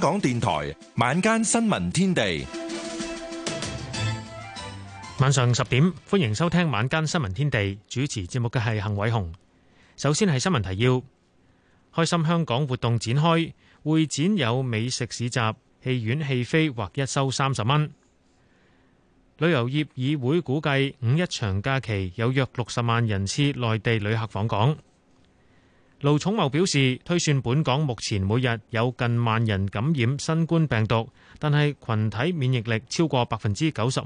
香港電台晚間新聞天地，晚上十點歡迎收聽晚間新聞天地。主持節目嘅係幸偉雄。首先係新聞提要：開心香港活動展開，會展有美食市集、戲院戲飛劃一收三十蚊。旅遊業議會估計五一長假期有約六十萬人次內地旅客訪港。盧寵茂表示，推算本港目前每日有近萬人感染新冠病毒，但係群體免疫力超過百分之九十五，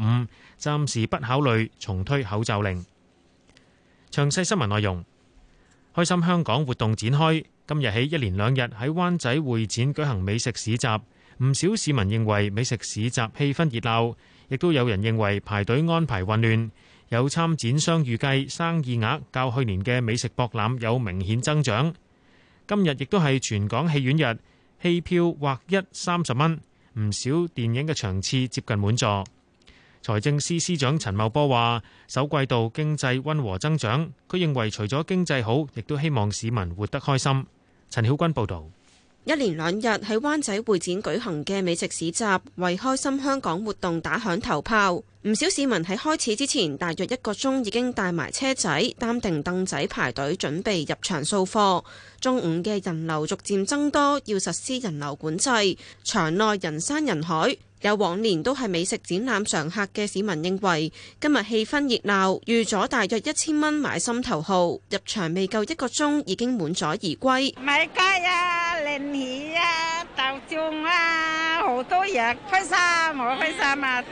暫時不考慮重推口罩令。詳細新聞內容，開心香港活動展開，今日起一連兩日喺灣仔會展舉行美食市集，唔少市民認為美食市集氣氛熱鬧，亦都有人認為排隊安排混亂。有參展商預計生意額較去年嘅美食博覽有明顯增長。今日亦都係全港戲院日，戲票劃一三十蚊，唔少電影嘅場次接近滿座。財政司司，司長陳茂波話：首季度經濟溫和增長，佢認為除咗經濟好，亦都希望市民活得開心。陳曉君報導。一連兩日喺灣仔會展舉行嘅美食市集，為開心香港活動打響頭炮。唔少市民喺開始之前大約一個鐘已經帶埋車仔、擔定凳仔排隊準備入場掃貨。中午嘅人流逐漸增多，要實施人流管制，場內人山人海。有往年都係美食展覽常客嘅市民認為，今日氣氛熱鬧，預咗大約一千蚊買心頭好，入場未夠一個鐘已經滿載而歸。買街啊，靚嘢啊，豆漿啊，好多嘢開心，好開心啊！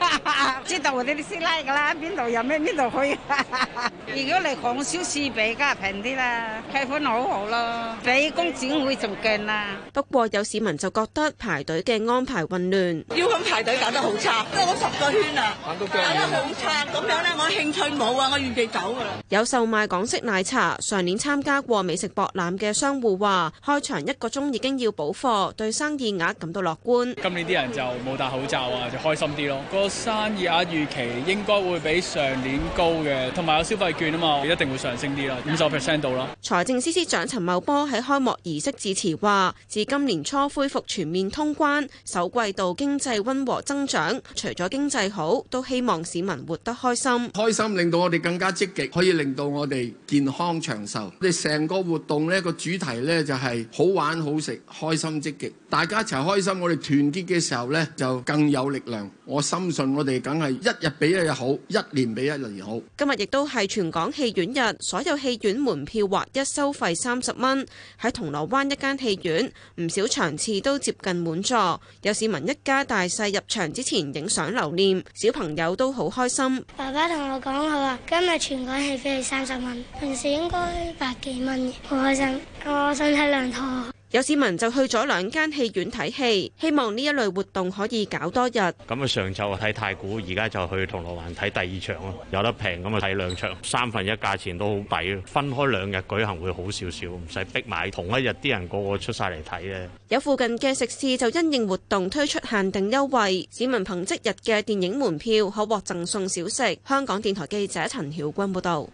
知道我哋啲師奶噶啦，邊度有咩邊度去啊。 如果你講超市比家平啲啦，氣氛好好咯，比工展會仲勁啦。不過有市民就覺得排隊嘅安排混亂，要咁排。底搞得好差，跑十個圈啊。玩得好差，咁樣咧，我興趣冇啊，我預計走噶啦。有售賣港式奶茶，上年參加過美食博覽嘅商戶話：開場一個鐘已經要補貨，對生意額感到樂觀。今年啲人就冇戴口罩啊，就開心啲咯。個生意額預期應該會比上年高嘅，同埋有消費券啊嘛，一定會上升啲咯，五十 percent 到啦。財政司司長陳茂波喺開幕儀式致辭話：自今年初恢復全面通關，首季度經濟溫和增長，除咗經濟好，都希望市民活得開心。開心令到我哋更加積極，可以令到我哋健康長壽。啲成個活動呢，個主題呢就係好玩好食，開心積極，大家一齊開心。我哋團結嘅時候呢，就更有力量。我深信我哋梗係一日比一日好，一年比一年好。今日亦都係全港戲院日，所有戲院門票劃一收費三十蚊。喺銅鑼灣一間戲院，唔少場次都接近滿座，有市民一家大細入。入場之前影相留念，小朋友都好開心。爸爸同我講，佢話今日全港戲飛係三十蚊，平時應該百幾蚊嘅，好開心。我想睇兩套。有市民就去咗兩間戲院睇戲，希望呢一類活動可以搞多日。咁啊，上晝啊睇太古，而家就去銅鑼灣睇第二場咯，有得平咁啊睇兩場，三分一價錢都好抵。分開兩日舉行會好少少，唔使逼埋同一日啲人個個出曬嚟睇咧。有附近嘅食肆就因應活動推出限定優惠，市民憑即日嘅電影門票可獲贈送小食。香港電台記者陳曉君報道。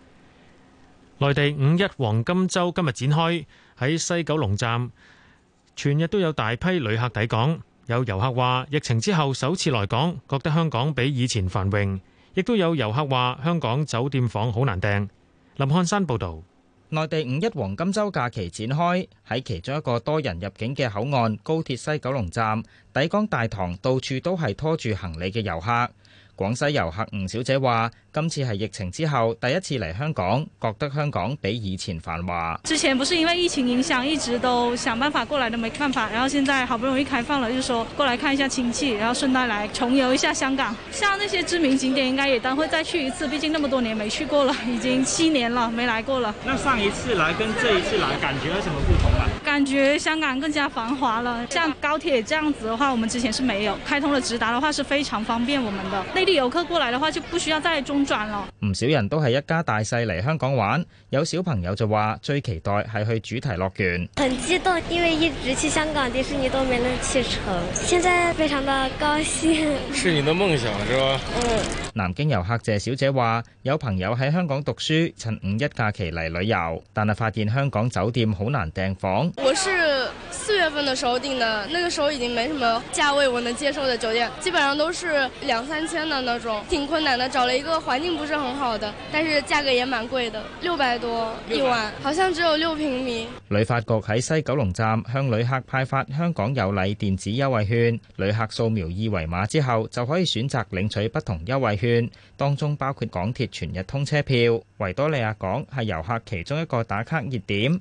內地五一黃金週今日展開。喺西九龍站，全日都有大批旅客抵港。有遊客話，疫情之後首次來港，覺得香港比以前繁榮。亦都有遊客話，香港酒店房好難訂。林漢山報道，內地五一黃金週假期展開，喺其中一個多人入境嘅口岸高鐵西九龍站，抵港大堂到處都係拖住行李嘅遊客。廣西遊客吳小姐話：今次係疫情之後第一次嚟香港，覺得香港比以前繁華。之前不是因為疫情影響，一直都想辦法過來都沒辦法，然後現在好不容易開放了，就是說過來看一下親戚，然後順帶來重遊一下香港。像那些知名景點，應該也等會再去一次，畢竟那麼多年沒去過了，已經七年了沒來過了。那上一次來跟這一次來感覺有什麼不同啊？感覺香港更加繁華了，像高鐵這樣子的話，我們之前是沒有開通了直達的話，是非常方便我們的。遊客過來的話就不需要再中轉咯。唔少人都係一家大細嚟香港玩，有小朋友就話最期待係去主題樂園。很激動，因為一直去香港迪士尼都沒能去成，現在非常的高興。是你的夢想，是吧？嗯。南京遊客謝小姐話，有朋友喺香港讀書，趁五一假期嚟旅遊，但係發現香港酒店好難訂房。我是四月份的時候訂的，那個時候已經沒什麼價位我能接受的酒店，基本上都是兩三千的。六百多一晚，好像只有六平米。旅發局喺西九龍站向旅客派發香港有禮電子優惠券，旅客掃描二維碼之後就可以選擇領取不同優惠券，當中包括港鐵全日通車票。維多利亞港係遊客其中一個打卡熱點。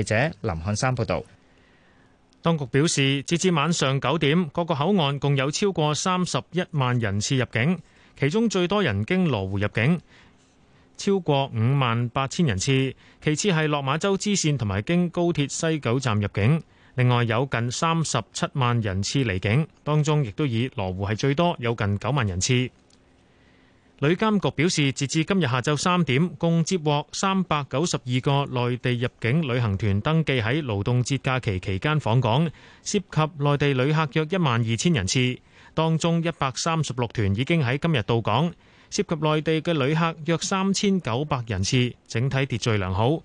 記者林漢山報道，當局表示，截至晚上九點，各個口岸共有超過三十一萬人次入境，其中最多人經羅湖入境，超過五萬八千人次；其次係落馬洲支綫同埋經高鐵西九站入境。另外有近三十七萬人次離境，當中亦都以羅湖係最多，有近九萬人次。旅監局表示，截至今日下晝三點，共接獲三百九十二個內地入境旅行團登記喺勞動節假期期間訪港，涉及內地旅客約一萬二千人次。當中一百三十六團已經喺今日到港，涉及內地嘅旅客約三千九百人次，整體秩序良好。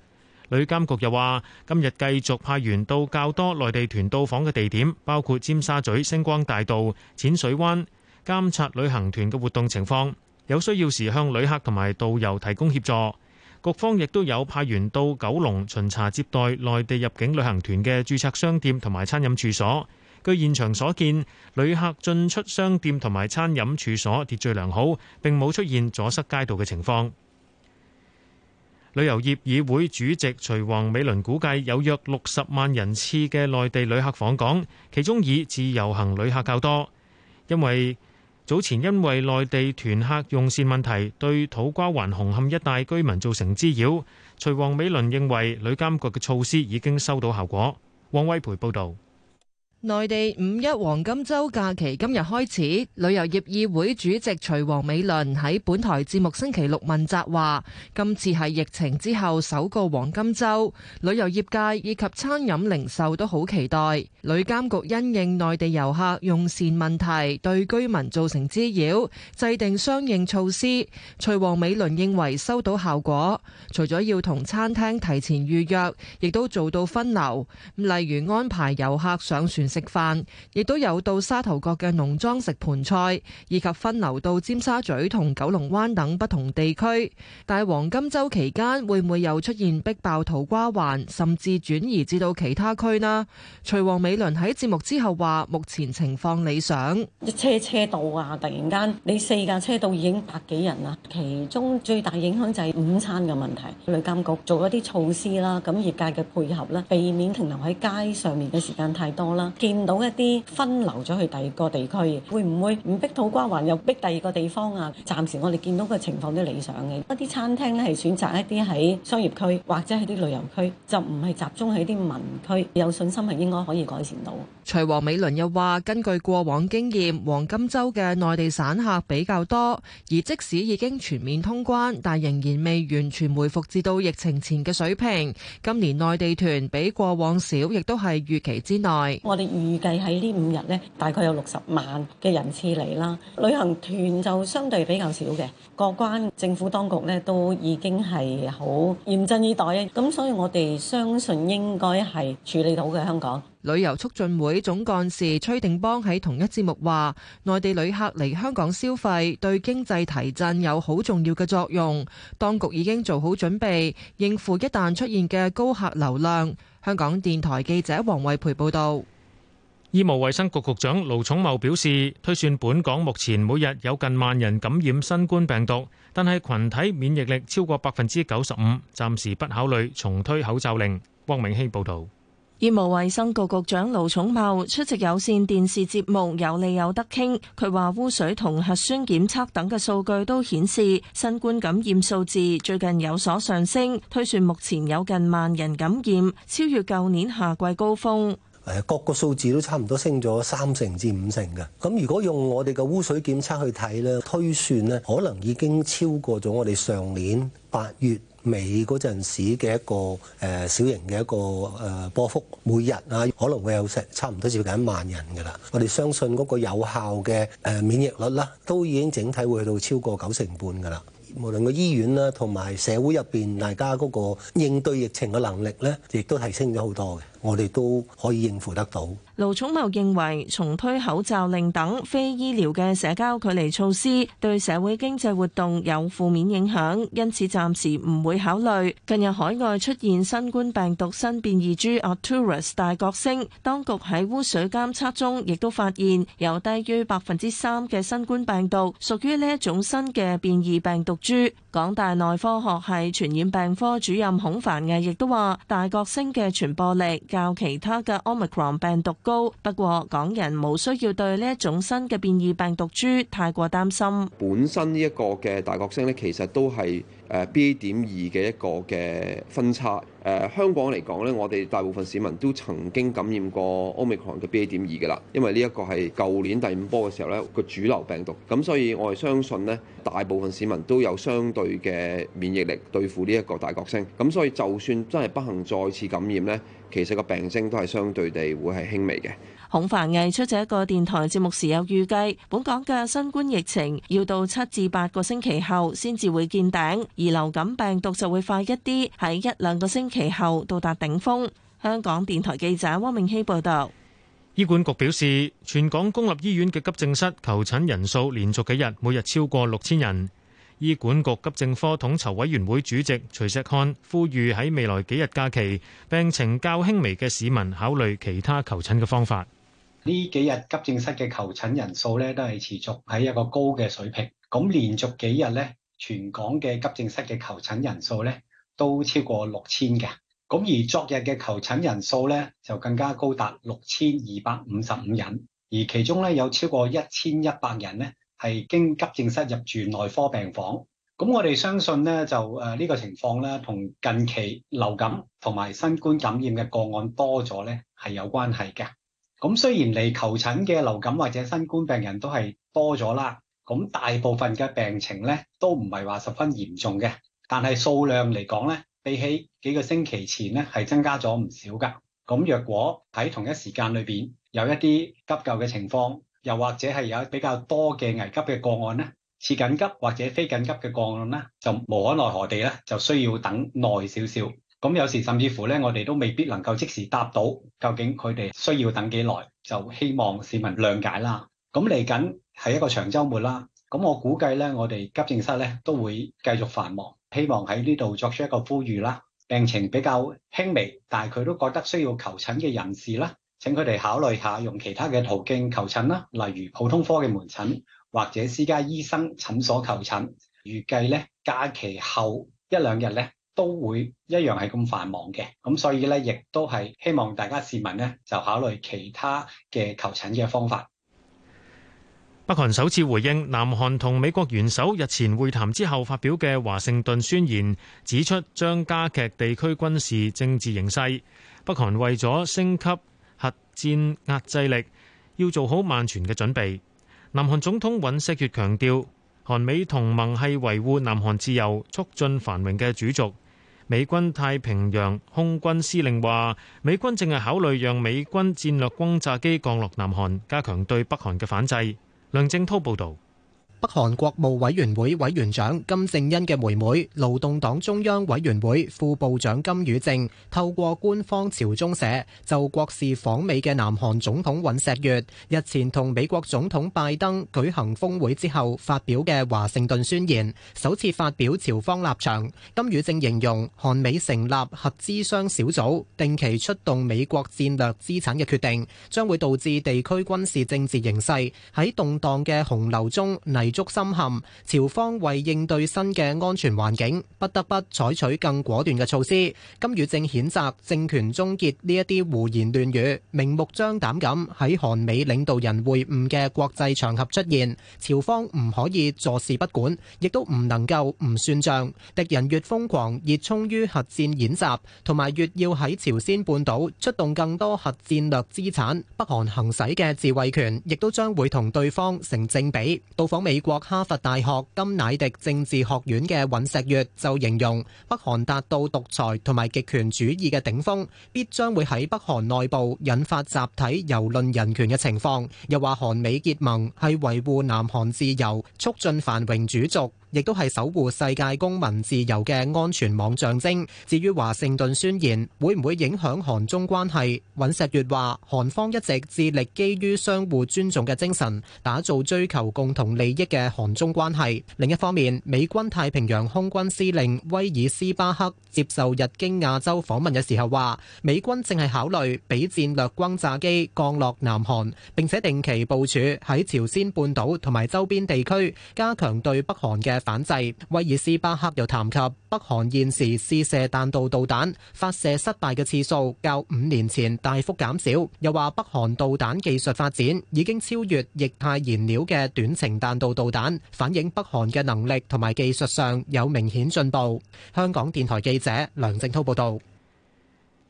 旅監局又話，今日繼續派員到較多內地團到訪嘅地點，包括尖沙咀星光大道、淺水灣，監察旅行團嘅活動情況，有需要時向旅客同埋導遊提供協助，局方亦都有派員到九龍巡查接待內地入境旅行團嘅註冊商店同埋餐飲處所。據現場所見，旅客進出商店同埋餐飲處所秩序良好，並冇出現阻塞街道嘅情況。旅遊業議會主席徐王美倫估計有約六十萬人次嘅內地旅客訪港，其中以自由行旅客較多，因為早前因為內地團客用膳問題，對土瓜灣紅磡一帶居民造成滋擾。徐王美倫認為旅監局嘅措施已經收到效果。黃威培報導。內地五一黃金周假期今日開始，旅遊業議會主席徐王美倫喺本台節目星期六問責話，今次係疫情之後首個黃金周，旅遊業界以及餐飲零售都好期待。旅監局因應內地遊客用膳問題對居民造成滋擾，制定相應措施。徐王美倫認為收到效果，除咗要同餐廳提前預約，亦都做到分流，例如安排遊客上船，食飯，亦都有到沙頭角嘅農莊食盆菜，以及分流到尖沙咀同九龍灣等不同地區。但係黃金周期間會唔會又出現逼爆土瓜灣，甚至轉移至到其他區呢？徐王美倫喺節目之後話，目前情況理想。一車車到啊，突然間你四架車到已經百幾人啦，其中最大影響就係午餐嘅問題。旅監局做咗一啲措施啦，咁業界嘅配合啦，避免停留喺街上面嘅時間太多啦。見到一啲分流咗去第二個地區，會唔會唔逼土瓜灣又逼第二個地方啊？暫時我哋見到嘅情況都理想嘅。一啲餐廳咧係選擇一啲喺商業區或者係啲旅遊區，就唔係集中喺啲民區。有信心係應該可以改善到。徐王美倫又話：根據過往經驗，黃金週嘅內地散客比較多，而即使已經全面通關，但仍然未完全回復至到疫情前嘅水平。今年內地團比過往少，亦都係預期之內。我哋預計喺呢五日呢，大概有六十萬嘅人次嚟啦。旅行團就相對比較少嘅，過關政府當局呢都已經係好嚴陣以待啊，咁所以我哋相信應該，係處理到嘅。香港旅遊促進會總幹事崔定邦喺同一節目話內地旅客嚟香港消費對經濟提振有好重要嘅作用。當局已經做好準備應付一旦出現嘅高客流量。香港電台記者黃慧培報道。醫務衛生局局長盧寵茂表示，推算本港目前每日有近萬人感染新冠病毒，但係群體免疫力超過百分之九十五，暫時不考慮重推口罩令。汪明熙報道。醫務衛生局局長盧寵茂出席有線電視節目《有利有得傾》，佢話污水同核酸檢測等嘅數據都顯示，新冠感染數字最近有所上升，推算目前有近萬人感染，超越舊年夏季高峰。誒各個數字都差唔多升咗三成至五成嘅，咁如果用我哋嘅污水檢測去睇咧，推算咧可能已經超過咗我哋上年八月尾嗰陣時嘅一個誒小型嘅一個誒波幅，每日啊可能會有成差唔多接近一萬人嘅啦。我哋相信嗰個有效嘅誒免疫率啦，都已經整體會去到超過九成半嘅啦。無論個醫院啦，同埋社會入邊大家嗰個應對疫情嘅能力咧，亦都提升咗好多嘅。我哋都可以應付得到。盧寵茂認為重推口罩令等非醫療嘅社交距離措施對社會經濟活動有負面影響，因此暫時唔會考慮。近日海外出現新冠病毒新變異株 Arcturus 大角星，當局喺污水監測中亦都發現有低於百分之三嘅新冠病毒屬於呢一種新嘅變異病毒株。港大內科學系傳染病科主任孔凡毅亦都話：大角星嘅傳播力，較其他嘅 Omicron 病毒高，不過港人冇需要對呢一種新嘅變異病毒株太過擔心。本身呢一個嘅大角星咧，其實都係。BA. 點二嘅一個嘅分差，誒、呃、香港嚟講呢，我哋大部分市民都曾經感染過奧密克戎嘅 BA. 點二嘅啦，因為呢一個係舊年第五波嘅時候呢個主流病毒，咁所以我哋相信呢，大部分市民都有相對嘅免疫力對付呢一個大角星，咁所以就算真係不幸再次感染呢，其實個病徵都係相對地會係輕微嘅。孔繁毅出席一個電台節目時有預計，本港嘅新冠疫情要到七至八個星期後先至會見頂，而流感病毒就會快一啲，喺一兩個星期後到達頂峰。香港電台記者汪明希報道。醫管局表示，全港公立醫院嘅急症室求診人數連續幾日每日超過六千人。醫管局急症科統籌委員會主席徐錫漢呼籲喺未來幾日假期，病情較輕微嘅市民考慮其他求診嘅方法。呢幾日急症室嘅求診人數咧，都係持續喺一個高嘅水平。咁連續幾日咧，全港嘅急症室嘅求診人數咧，都超過六千嘅。咁而昨日嘅求診人數咧，就更加高達六千二百五十五人，而其中咧，有超過一千一百人咧，係經急症室入住內科病房。咁我哋相信咧，就誒呢個情況咧，同近期流感同埋新冠感染嘅個案多咗咧，係有關係嘅。咁雖然嚟求診嘅流感或者新冠病人都係多咗啦，咁大部分嘅病情咧都唔係話十分嚴重嘅，但係數量嚟講咧，比起幾個星期前咧係增加咗唔少噶。咁若果喺同一時間裏面有一啲急救嘅情況，又或者係有比較多嘅危急嘅個案咧，次緊急或者非緊急嘅個案咧，就無可奈何地咧就需要等耐少少。咁有時甚至乎咧，我哋都未必能夠即時答到，究竟佢哋需要等幾耐？就希望市民諒解啦。咁嚟緊係一個長週末啦，咁我估計咧，我哋急症室咧都會繼續繁忙。希望喺呢度作出一個呼籲啦，病情比較輕微，但係佢都覺得需要求診嘅人士啦，請佢哋考慮下用其他嘅途徑求診啦，例如普通科嘅門診或者私家醫生診所求診。預計咧假期後一兩日咧，都會一樣係咁繁忙嘅，咁所以呢，亦都係希望大家市民呢，就考慮其他嘅求診嘅方法。北韓首次回應南韓同美國元首日前會談之後發表嘅華盛頓宣言，指出將加劇地區軍事政治形勢。北韓為咗升級核戰壓制力，要做好萬全嘅準備。南韓總統尹錫悅強調，韓美同盟係維護南韓自由、促進繁榮嘅主軸。美軍太平洋空軍司令話，美軍正係考慮讓美軍戰略轟炸機降落南韓，加強對北韓嘅反制。梁正濤報道。北韓國務委員會委員長金正恩嘅妹妹、勞動黨中央委員會副部長金與正透過官方朝中社就國事訪美嘅南韓總統尹錫悅日前同美國總統拜登舉行峰會之後發表嘅華盛頓宣言，首次發表朝方立場。金與正形容韓美成立核諮商小組、定期出動美國戰略資產嘅決定，將會導致地區軍事政治形勢喺動盪嘅洪流中，足深陷，朝方為應對新嘅安全環境，不得不採取更果斷嘅措施。金與正譴責政權終結呢一啲胡言亂語，明目張膽咁喺韓美領導人會晤嘅國際場合出現。朝方唔可以坐視不管，亦都唔能夠唔算賬。敵人越瘋狂熱衷於核戰演習，同埋越要喺朝鮮半島出動更多核戰略資產，北韓行使嘅自衛權亦都將會同對方成正比。到訪美。美國哈佛大學甘迺迪政治學院嘅尹錫悅就形容，北韓達到獨裁同埋極權主義嘅頂峰，必將會喺北韓內部引發集體遊論人權嘅情況。又話韓美結盟係維護南韓自由、促進繁榮主軸。亦都係守護世界公民自由嘅安全網象徵。至於華盛頓宣言會唔會影響韓中關係，尹錫悅話，韓方一直致力基於相互尊重嘅精神，打造追求共同利益嘅韓中關係。另一方面，美軍太平洋空軍司令威爾斯巴克接受日經亞洲訪問嘅時候話，美軍正係考慮俾戰略轟炸機降落南韓，並且定期部署喺朝鮮半島同埋周邊地區，加強對北韓嘅反制，威爾斯巴克又談及北韓現時試射彈道導彈，發射失敗嘅次數較五年前大幅減少。又話北韓導彈技術發展已經超越液態燃料嘅短程彈道導彈，反映北韓嘅能力同埋技術上有明顯進步。香港電台記者梁正濤報道。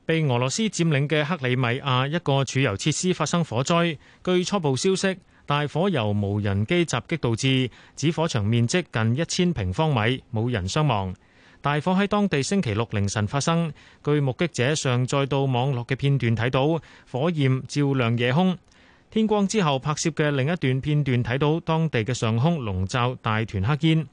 被俄羅斯佔領嘅克里米亞一個儲油設施發生火災，據初步消息，大火由無人機襲擊導致，指火場面積近一千平方米，冇人傷亡。大火喺當地星期六凌晨發生，據目擊者上載到網絡嘅片段睇到，火焰照亮夜空。天光之後拍攝嘅另一段片段睇到，當地嘅上空籠罩大團黑煙。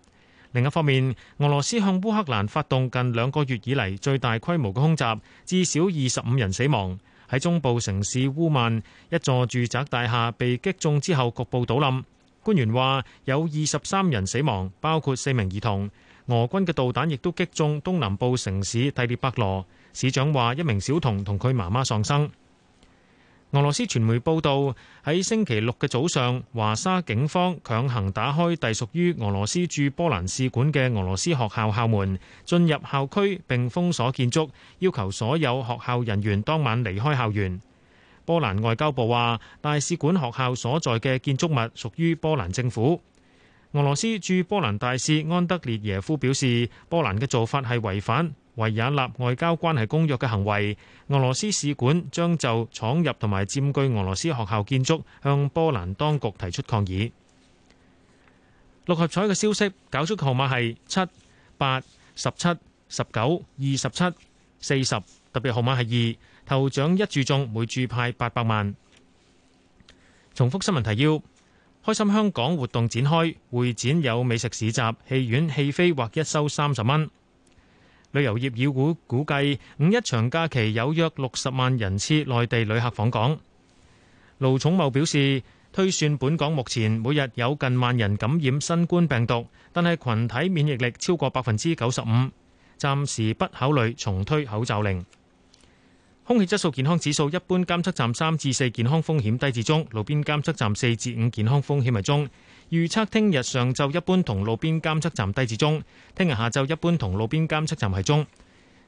另一方面，俄羅斯向烏克蘭發動近兩個月以嚟最大規模嘅空襲，至少二十五人死亡。喺中部城市烏曼，一座住宅大廈被擊中之後局部倒冧。官員話有二十三人死亡，包括四名兒童。俄軍嘅導彈亦都擊中東南部城市蒂列伯羅。市長話一名小童同佢媽媽喪生。俄羅斯傳媒報道，喺星期六嘅早上，華沙警方強行打開隸屬於俄羅斯駐波蘭使館嘅俄羅斯學校校門，進入校區並封鎖建築，要求所有學校人員當晚離開校園。波蘭外交部話，大使館學校所在嘅建築物屬於波蘭政府。俄羅斯駐波蘭大使安德烈耶夫表示，波蘭嘅做法係違反維也納外交關係公約嘅行為，俄羅斯使館將就闖入同埋佔據俄羅斯學校建築，向波蘭當局提出抗議。六合彩嘅消息，搞出嘅號碼係七、八、十七、十九、二十七、四十，特別號碼係二，頭獎一注中，每注派八百萬。重複新聞提要：開心香港活動展開，會展有美食市集、戲院戲飛或一收三十蚊。旅遊業妖估，估計五一長假期有約六十萬人次內地旅客訪港。盧寵茂表示，推算本港目前每日有近萬人感染新冠病毒，但係群體免疫力超過百分之九十五，暫時不考慮重推口罩令。空氣質素健康指數一般監測站三至四，健康風險低至中，路邊監測站四至五，健康風險係中。預測聽日上晝一般同路邊監測站低至中，聽日下晝一般同路邊監測站係中。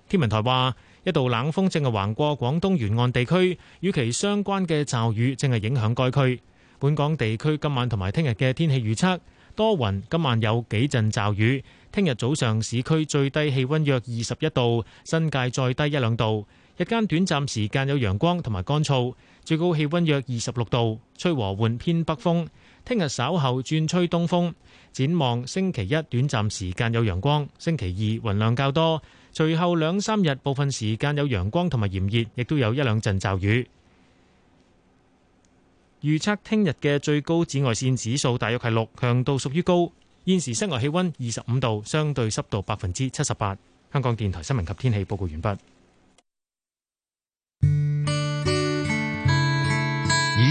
天文台話，一道冷鋒正係橫過廣東沿岸地區，與其相關嘅驟雨正係影響該區。本港地區今晚同埋聽日嘅天氣預測多雲，今晚有幾陣驟雨，聽日早上市區最低氣溫約二十一度，新界再低一兩度。日間短暫時間有陽光同埋乾燥，最高氣溫約二十六度，吹和緩偏北風。聽日稍後轉吹東風。展望星期一短暫時間有陽光，星期二雲量較多，隨後兩三日部分時間有陽光同埋炎熱，亦都有一兩陣驟雨。預測聽日嘅最高紫外線指數大約係六，強度屬於高。現時室外氣溫二十五度，相對濕度百分之七十八。香港電台新聞及天氣報告完畢。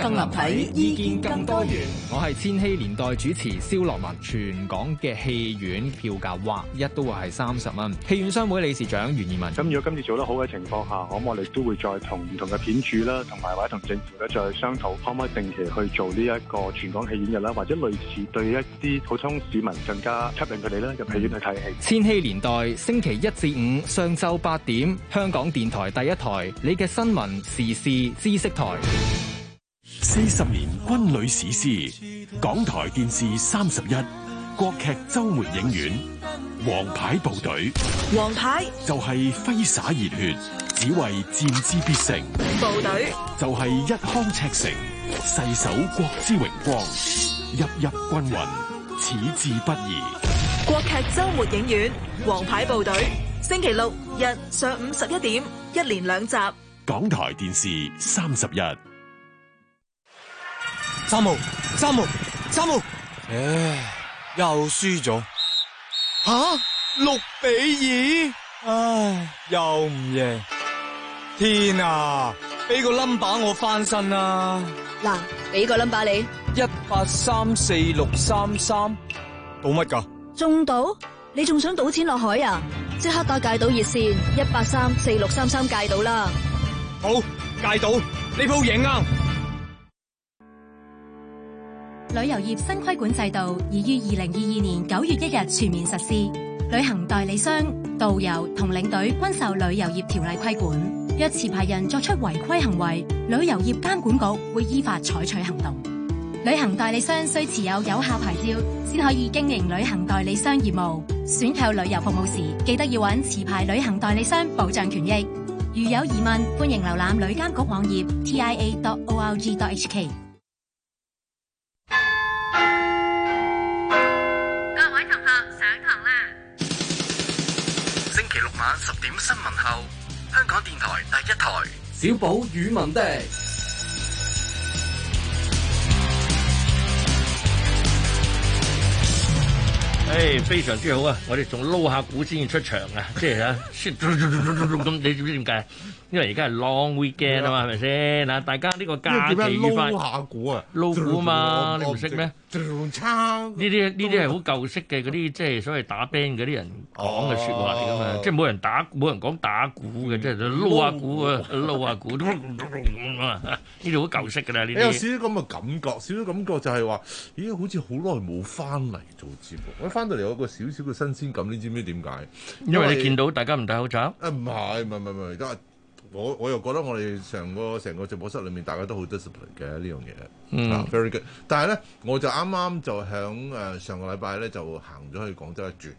更立體，意見更多元。我係千禧年代主持蕭樂文。全港嘅戲院票價劃一都會係三十蚊。戲院商會理事長袁以文咁，如果今次做得好嘅情況下，咁我哋都會再同唔同嘅片主啦，同埋或者同政府咧再商討，可唔可以定期去做呢一個全港戲院日啦，或者類似對一啲普通市民更加吸引佢哋咧入戲院去睇戲。嗯、千禧年代星期一至五上晝八點，香港電台第一台，你嘅新聞時事知識台。四十年軍旅史詩，港台電視三十一國劇周末影院，王牌部隊，王牌就係揮灑熱血，只為戰之必勝。部隊就係一腔赤誠，誓守國之榮光，日日軍魂，矢志不移。國劇周末影院，王牌部隊，星期六日上午十一點，一連兩集。港台電視三十一。三號，三號，三號，唉，又輸咗。吓，六比二，唉，又唔贏。天啊，俾個 number 我翻身啊。嗱，俾個 number 你，一八三四六三三，賭乜㗎？仲賭？你仲想賭錢落海啊？即刻打戒賭熱線一八三四六三三戒賭啦。好，戒賭，呢鋪贏啊。旅遊業新規管制度已於二零二二年九月一日全面實施。旅行代理商、導遊同領隊均受旅遊業條例規管。若持牌人作出違規行為，旅遊業監管局會依法採取行動。旅行代理商需持有有效牌照，先可以經營旅行代理商業務。選購旅遊服務時，記得要揾持牌旅行代理商保障權益。如有疑問，歡迎瀏覽旅監局網頁 tia.org.hk。小寶語文的，誒、哎，非常之好啊！我哋仲撈下股先至出場啊，即係啊，咁你知唔知點解？因為而家係 long weekend 啊嘛的，係咪先？嗱，大家呢個假期翻下股啊，撈股啊嘛，你唔識咩？調呢啲呢啲係好舊式嘅嗰啲即係所謂打 band 嗰啲人講嘅説話嚟㗎嘛，啊、即係冇人打冇人講打鼓嘅，即係喺撈下鼓啊， 撈下鼓咁呢啲好舊式㗎啦，呢啲、哎、呀些有少少咁嘅感覺，少少感覺就係話：咦，好似好耐冇翻嚟做節目，我翻到嚟有個少少嘅新鮮感，你知唔知點解？因為你見到大家唔戴口罩。唔係唔係唔係，但係、啊。我我又覺得我哋成個成個直播室裏面大家都好 discipline 嘅呢樣嘢，very good。但係咧，我就啱啱就響誒上個禮拜咧就行咗去廣州一轉。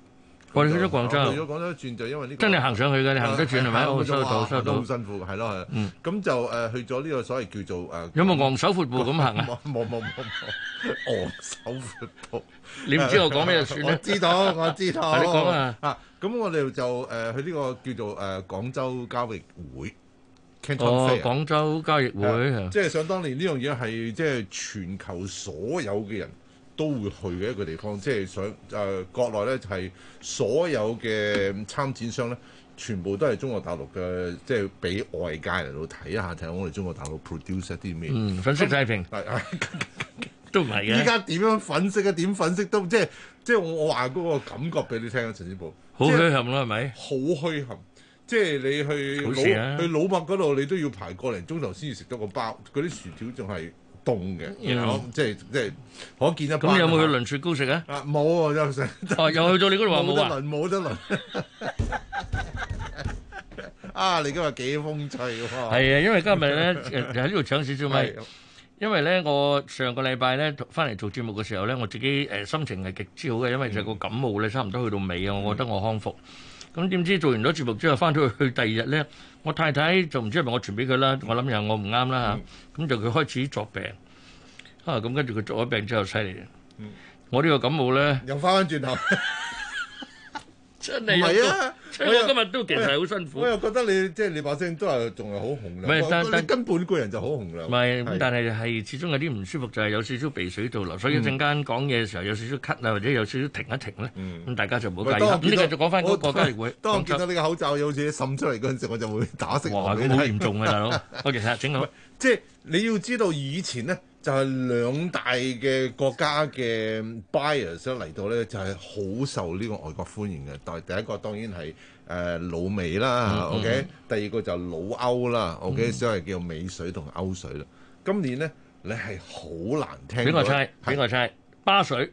我哋去咗廣州。去咗廣州一轉就因為呢個。真係行上去㗎，你行得轉係咪？收到收到。好辛苦㗎，係咯。嗯。咁就誒去咗呢個所謂叫做誒。有冇昂首闊步咁行啊？冇冇冇昂首闊步。你唔知我講咩就算啦。知道，我知道。你講啊。啊，咁我哋就誒去呢個叫做誒廣州交易會。哦，Canton 廣州交易會，啊、即係想當年呢樣嘢係即係全球所有嘅人都會去嘅一個地方，即係想誒國內咧就係所有嘅參展商咧，全部都係中國大陸嘅，即係俾外界嚟到睇一下，睇下我哋中國大陸 produce 啲咩。嗯、And，粉飾太平都唔係嘅。依家點樣粉飾啊？點粉飾都即係即係我我話嗰個感覺俾你聽啊，陳志寶。虛好虛冚啦，係咪？好虛冚。即係你去老、啊、去老麥嗰度，你都要排個零鐘頭先至食到個包，嗰啲薯條仲係凍嘅，即係即係可見得咁、嗯、有冇去輪雪糕食啊？冇啊，又食啊！又去咗你嗰度話冇冇得輪，冇得輪 啊！你今日幾風趣喎？係啊，因為今日咧喺度搶少少咪，的因為咧我上個禮拜咧翻嚟做節目嘅時候咧，我自己誒、呃呃呃、心情係極之好嘅，因為就個感冒咧差唔多去到尾啊，我覺得我康復。嗯咁點知做完咗節目之後翻到去第二日咧，我太太就唔知係咪我傳俾佢啦，我諗又我唔啱啦嚇，咁、嗯啊、就佢開始作病。啊咁跟住佢作咗病之後犀利，嗯、我呢個感冒咧又翻返轉頭， 真係啊！我今日都其實係好辛苦，我又覺得你即係、就是、你把聲都係仲係好洪亮嘅。唔係，但但根本個人就好洪亮啦。唔係咁，是但係係始終有啲唔舒服，就係、是、有少少鼻水倒流，所以陣間講嘢嘅時候有少少咳啊，或者有少少停一停咧。咁、嗯、大家就唔好介意。你繼續講翻嗰個國家亦會。當我見到你個口罩有好似滲出嚟嗰陣時，我就會打醒。哇！嗰啲好嚴重嘅大佬。 我其實整好，即係你要知道以前呢。就係兩大嘅國家嘅 buyers 咧嚟到咧，就係、是、好受呢個外國歡迎嘅。但係第一個當然係誒、呃、老美啦，OK，、嗯嗯、第二個就老歐啦，OK，、嗯、所謂叫美水同歐水啦。今年咧，你係好難聽。俾個猜，俾個猜，巴水。